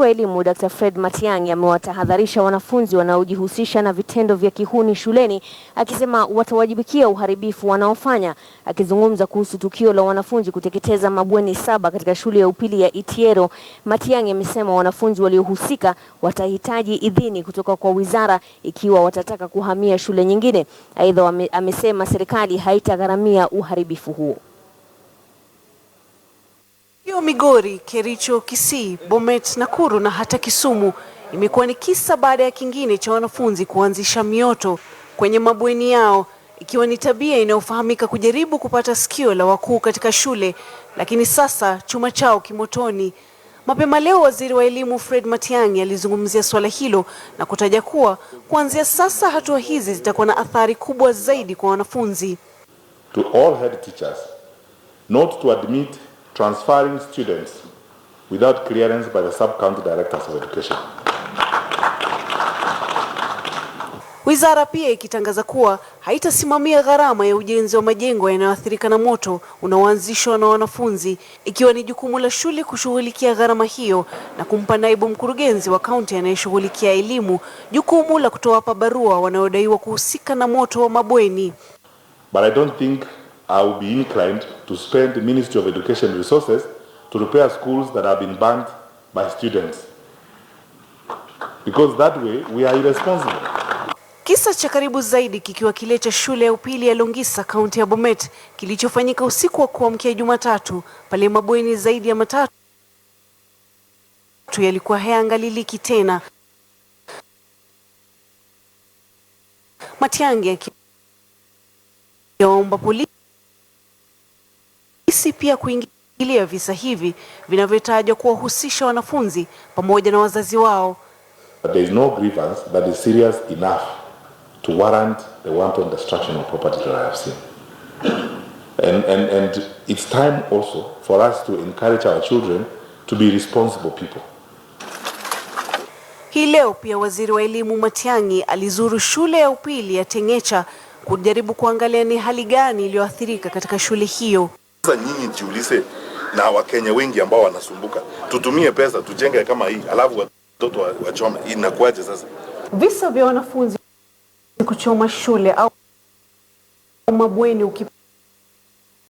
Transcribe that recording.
wa elimu Dr. Fred Matiang'i amewatahadharisha wanafunzi wanaojihusisha na vitendo vya kihuni shuleni akisema watawajibikia uharibifu wanaofanya. Akizungumza kuhusu tukio la wanafunzi kuteketeza mabweni saba katika shule ya upili ya Itiero, Matiang'i amesema wanafunzi waliohusika watahitaji idhini kutoka kwa wizara ikiwa watataka kuhamia shule nyingine. Aidha, amesema serikali haitagharamia uharibifu huo wa Migori, Kericho, Kisii, Bomet, Nakuru na hata Kisumu imekuwa ni kisa baada ya kingine cha wanafunzi kuanzisha mioto kwenye mabweni yao ikiwa ni tabia inayofahamika kujaribu kupata sikio la wakuu katika shule, lakini sasa chuma chao kimotoni. Mapema leo waziri wa elimu Fred Matiang'i alizungumzia swala hilo na kutaja kuwa kuanzia sasa hatua hizi zitakuwa na athari kubwa zaidi kwa wanafunzi. To all head teachers, not to admit transferring students without clearance by the sub-county directors of education. Wizara pia ikitangaza kuwa haitasimamia gharama ya ujenzi wa majengo yanayoathirika na moto unaoanzishwa na wanafunzi, ikiwa ni jukumu la shule kushughulikia gharama hiyo na kumpa naibu mkurugenzi wa kaunti anayeshughulikia elimu jukumu la kutowapa barua wanaodaiwa kuhusika na moto wa mabweni. But I don't think I will be inclined to spend the Ministry of Education resources to repair schools that have been banned by students. Because that way we are irresponsible. Kisa cha karibu zaidi kikiwa kile cha shule ya upili ya Longisa kaunti ya Bomet kilichofanyika usiku wa kuamkia Jumatatu pale mabweni zaidi ya matatu tu yalikuwa hayaangaliliki tena. Matiang'i akiomba polisi polisi pia kuingilia visa hivi vinavyotajwa kuwahusisha wanafunzi pamoja na wazazi wao. But there is no grievance that is serious enough to warrant the wanton destruction of property that I have seen. And, and, and it's time also for us to encourage our children to be responsible people. Hii leo pia Waziri wa Elimu Matiang'i alizuru shule ya upili ya Tengecha kujaribu kuangalia ni hali gani iliyoathirika katika shule hiyo. Sasa nyinyi jiulize, na Wakenya wengi ambao wanasumbuka, tutumie pesa tujenge kama hii, alafu watoto wachome, inakuwaje? Sasa visa vya wanafunzi kuchoma shule au mabweni ukipa.